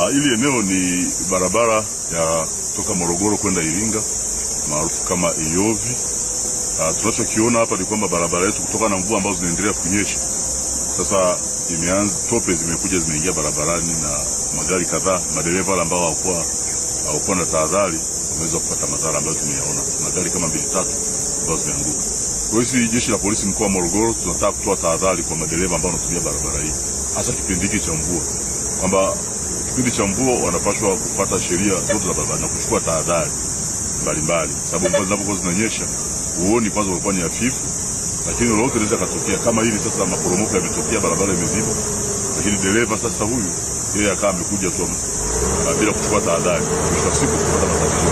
Ha, ah, ili eneo ni barabara ya toka Morogoro kwenda Iringa maarufu kama Iyovi. Ah, tunachokiona hapa ni kwamba barabara yetu kutokana na mvua ambazo zinaendelea kunyesha sasa imeanza, tope zimekuja zimeingia barabarani na magari kadhaa, madereva ambao hawakuwa hawakuwa na tahadhari wameweza kupata madhara ambayo tumeyaona, na gari kama mbili tatu ambazo zimeanguka. Kwa hiyo sisi jeshi la polisi mkoa wa Morogoro tunataka kutoa tahadhari kwa madereva ambao wanatumia barabara hii, hasa kipindi hiki cha mvua kwamba kipindi cha mvua wanapaswa kupata sheria zote za barabara na kuchukua tahadhari mbalimbali, sababu mvua zinapokuwa zinanyesha huoni kwanza, unakuwa ni hafifu, lakini lolote linaweza katokea. Kama hili sasa, maporomoko yametokea, barabara imeziba, lakini dereva sasa huyu yeye akawa amekuja tu ah, bila kuchukua tahadhari, mwisho wa siku kupata matatizo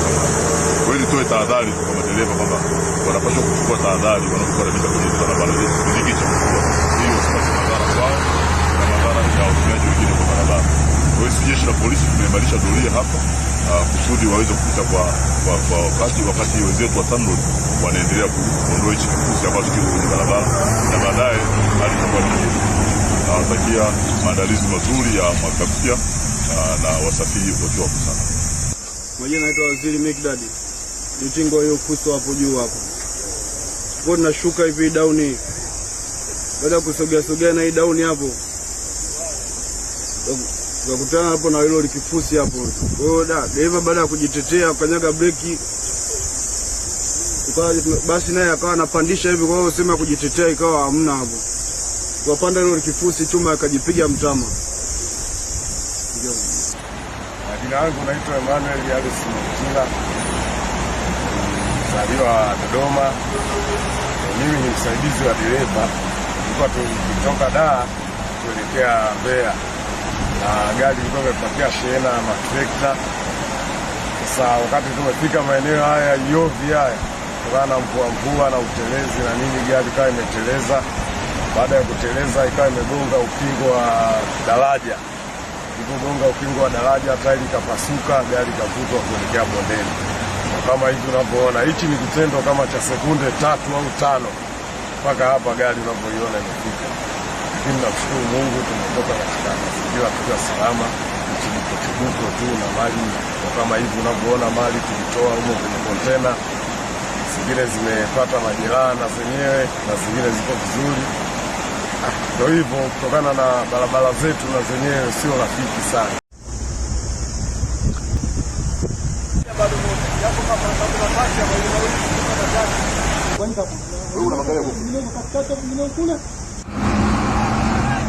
Kwa hiyo nitoe tahadhari kwa madereva kwamba wanapaswa kuchukua tahadhari wanapokuwa wanapita kwenye barabara hizi kipindi cha na polisi tumeimarisha doria hapa uh, kusudi waweze kupita kwa, kwa, kwa wakati wakati wenzetu wa TANROADS wanaendelea kuondoa hichi kifusi ambacho kiko kwenye barabara na baadaye hali itakuwa nzuri. Nawatakia maandalizi mazuri ya mwaka mpya ah, na wasafiri wakiwa wako sana. Majina naitwa Waziri Mikdadi Mtingo, hiyo kuso hapo juu hapo kwa tunashuka hivi dauni, baada ya kusogea sogea na hii dauni hapo tukakutana hapo na hilo likifusi hapo. Kwa hiyo da dereva baada ya kujitetea kanyaga breki, basi naye akawa anapandisha hivi, kwa hiyo sema kujitetea ikawa hamna hapo, tukapanda hilo likifusi chuma akajipiga mtama. Jina wangu naitwa Emmanuel Yaris Mkila, mzaliwa Dodoma. Mimi ni msaidizi wa dereva, tulikuwa tukitoka Dar kuelekea Mbeya na gari ilikuwa imepakia shehena ya matrekta. Sasa wakati tumefika maeneo haya yovi haya, kutokana na mvua mvua na utelezi na nini, gari ikawa imeteleza. Baada ya kuteleza, ikawa imegonga ukingo wa daraja. Ilipogonga ukingo wa daraja, tairi ikapasuka, gari ikavutwa kuelekea bondeni. Kama hivi unavyoona, hichi ni kitendo kama cha sekunde tatu au tano mpaka hapa gari unavyoiona imefika lakini namshukuru Mungu tumetoka katika mazingira tukiwa salama nchini tu, na mali kama hivi unavyoona, mali tulitoa humo kwenye kontena, zingine zimepata majeraha na zenyewe na zingine ziko vizuri. Ah, ndio hivyo, kutokana na barabara zetu na zenyewe sio rafiki sana.